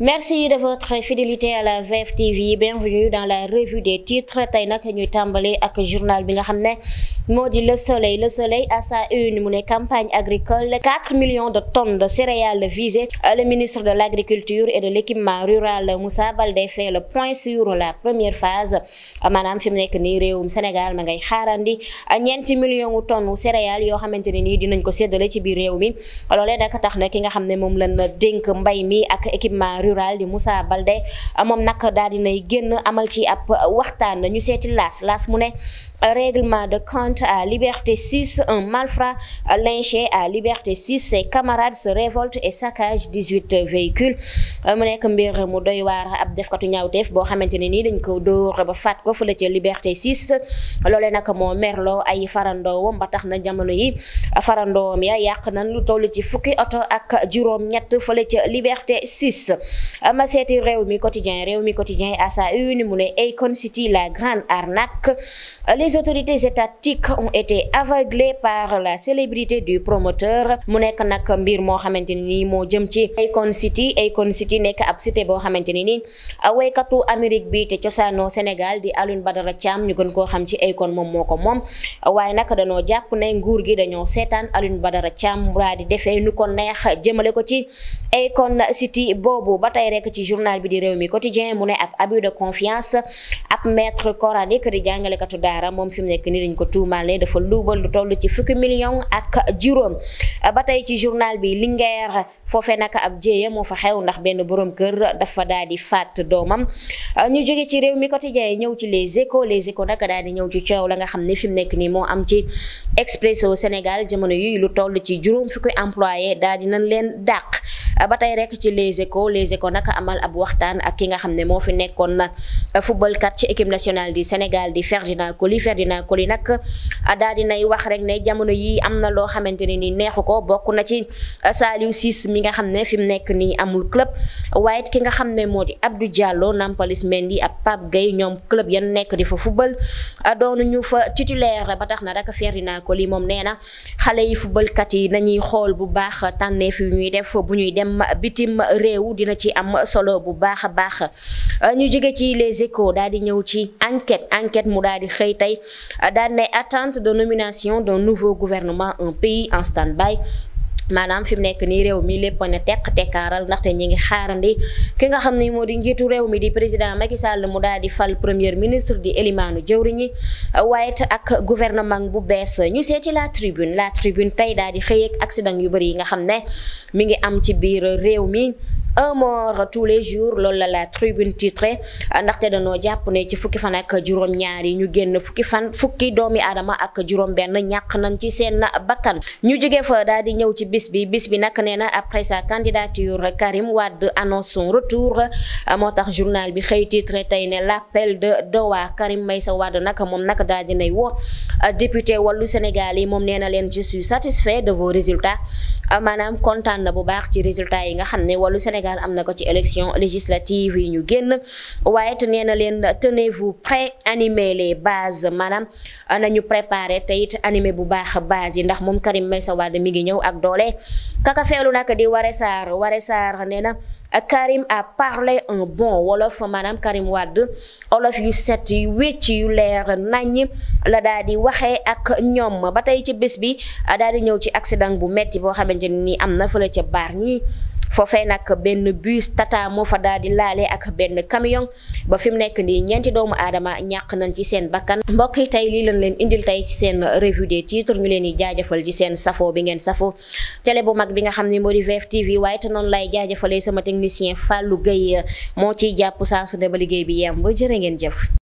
merci de votre fidélité à la VF TV bienvenue dans la revue des titres tey nag ñuy avec le journal bi Maudit le soleil le soleil A sa une une campagne agricole 4 millions de tonnes de céréales visées le ministre de l'agriculture et de l'équipement rural Moussa Baldé fait le point sur la première phase Madame fi mu nekk Sénégal ma ngay xaarandi 90 millions de tonnes de céréales Yo, xamante ni nii dinañ ko séddale ci biir réew mi loolee nag tax na ki nga xam ne lañ dénk mbay mi ak équipement rural di Moussa Baldé moom nak daal dinay génn Nous ci ab waxtaan ñu seeti Las laas mu règlement de compte violente à Liberté 6, un malfrat lynché à Liberté 6, ses camarades se révoltent et saccagent 18 véhicules euh, mu nekk mbir mu doy waar ab defkatu ñaawteef boo xamante ne nii dañ ko dóor ba faat ko fële Liberté 6 loolee nag moo merloo ay farandoowam ba tax na jamono yi farandoowam ya yàq nañ lu toll ci fukki oto ak juróom-ñett fële ca Liberté 6 euh, ma seeti réew mi quotidien réew quotidien à sa une mu Econ City la grande arnaque euh, les autorités étatiques musique ont été aveuglés par la célébrité du promoteur mu nekk nag mbir mo xamanteni ni mo jëm ci Icon City Icon City nek ab cité bo xamanteni ni nii waykatu Amérique bi te ciosano Sénégal di Alioune Badara Cham ñu gën ko xam ci Icon mom moko mom. Way nak nag japp jàpp ne nguur gi dañoo sétane Alioune Badara Cham raa di defee nu ko neex jëmele ko ci Akon City boobu ba tey rek ci journal bi di réew mi quotidien mu ne ab abus de confiance ab maître coranique di jàngalekatu daara moom fi mu nekk nii dañ ko tuumaale dafa luubal lu toll ci fukki million ak juróom ba tey ci journal bi Linguère foofe nag ab jéeya moo fa xew ndax benn borom kër dafa daal di faat doomam ñu jóge ci réew mi quotidien ñëw ci les échos les échos nag daal di ñëw ci coow la nga xam ne fi mu nekk nii moo am ci Expresso Sénégal jamono yuy lu toll ci juróom fukki employé daal di nañ leen dàq Eh, ba tey rek ci les échos les échos nag amal ab waxtaan ak ki nga xam ne moo fi nekkoon na eh, footballkat ci équipe nationale du Sénégal di Ferdinand Coly Ferdinand Coly nag eh, daal dinay wax rek ne jamono yi am na loo xamante ne ni neexu ko bokk na ci Saliou Ciss mi nga xam ne fi mu nekk nii amul club waaye ki nga xam ne moo di ab Abdou Diallo Nampalys Mendy ab Pape Gueye ñoom club ya nekk di fa football doonu ñu fa titulaire ba tax na rek Ferdinand moom nee na xale yi footballkat xool bu baax ñuy dem bitim rew dina ci am solo bu ñu ci les échos daal di ñew ci enquête enquête mu daal attente de nomination d'un nouveau gouvernement un pays en stand-by maanaam fi mu nekk nii réew mi lépp ne tekk tekkaaral ndaxte ñi ngi xaarandi ki nga xam ne moo di njiitu réew mi di président Macky Sall mu daal di fal premier ministre di élimaanu jëwriñ yi waaye it ak gouvernement bu bees ñu seeti la tribune la tribune tey daal di xëyeeg accident yu bëri yi nga xam ne mi ngi am ci biir réew mi un mort tous les jours loolu la tribune titré ndaxte dañoo japp ne ci fukki fan ak juroom ñaar yi ñu genn fukki fan fukki doomi adama ak juroom benn ñak nañ ci sen bakkan ñu jige fa daal di ñew ci bis bi bis bi nak nee après sa candidature Karim Wade annonce son retour à tax journal bi titre titré tay ne l'appel de Doha Karim Maysa Wade nak mom nak daal di nay wo député wàllu Sénégal yi moom je suis satisfait de vos résultats maanaam madame na bu baax ci résultats yi nga xamné ne Sénégal Sénégal amna ko ci élection législative yi ñu genn waaye te nee tenez-vous prêts animer les bases maanaam euh, nañu préparer tayit animer bu baax base yi ndax moom Karim Meïssa Wade mi ngi ñew ak doolé kaka feelu nag di Waré sar Waré sar néna Karim a parlé un bon wolof manam Karim Wade wolof yu set yu wécc yu leer nañ la dadi waxé ak ñom ba tey ci bës bi daadi ñew ci accident bu metti bo xamanteni ni amna na ci bar ni foofee nag benn bus tata moo fa daal di laale ak benn camion ba fi mu nekk nii ñeenti doomu aadama ñàkk nañ ci seen bakkan mbokk yi tey lii lañ leen indil tey ci seen revue des titres ñu leen yi jaajëfal ci seen safo bi ngeen safo télé bu mag bi nga xam ne moo di VFtv waaye te noonu laay jaajafalee sama technicien Fallou Gueye moo ciy jàpp saa su ne ba liggéey bi yem ba jërë ngeen jëf